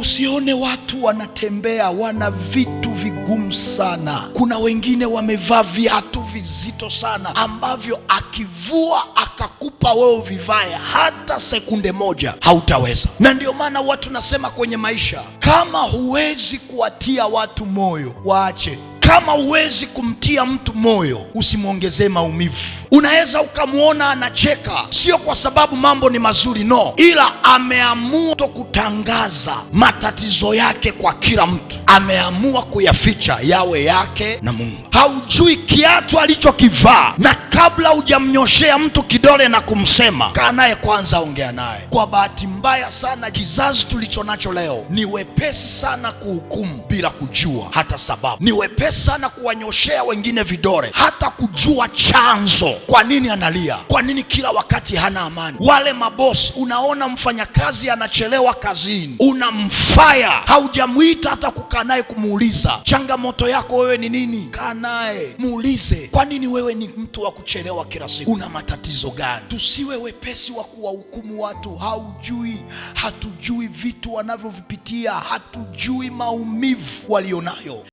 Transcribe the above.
Usione watu wanatembea wana vitu vigumu sana. Kuna wengine wamevaa viatu vizito sana ambavyo akivua akakupa wewe vivaya hata sekunde moja hautaweza. Na ndio maana watu nasema kwenye maisha, kama huwezi kuwatia watu moyo waache. Kama huwezi kumtia mtu moyo, usimwongezee maumivu. Unaweza ukamwona anacheka, sio kwa sababu mambo ni mazuri, no, ila ameamua to kutangaza matatizo yake kwa kila mtu, ameamua kuyaficha yawe yake na Mungu. Haujui kiatu alichokivaa, na kabla hujamnyoshea mtu kidole na kumsema kaa naye kwanza, ongea naye. Kwa bahati mbaya sana, kizazi tulicho nacho leo ni wepesi sana kuhukumu bila kujua hata sababu, ni wepesi sana kuwanyoshea wengine vidore, hata kujua chanzo, kwa nini analia, kwa nini kila wakati hana amani. Wale mabosi, unaona mfanyakazi anachelewa kazini, unamfaya, haujamwita hata kukaa naye kumuuliza changamoto yako wewe ni nini. Kaa naye muulize, kwa nini wewe ni mtu wa kuchelewa kila siku, una matatizo gani? Tusiwe wepesi wa kuwahukumu watu, haujui, hatujui vitu wanavyovipitia, hatujui maumivu walionayo.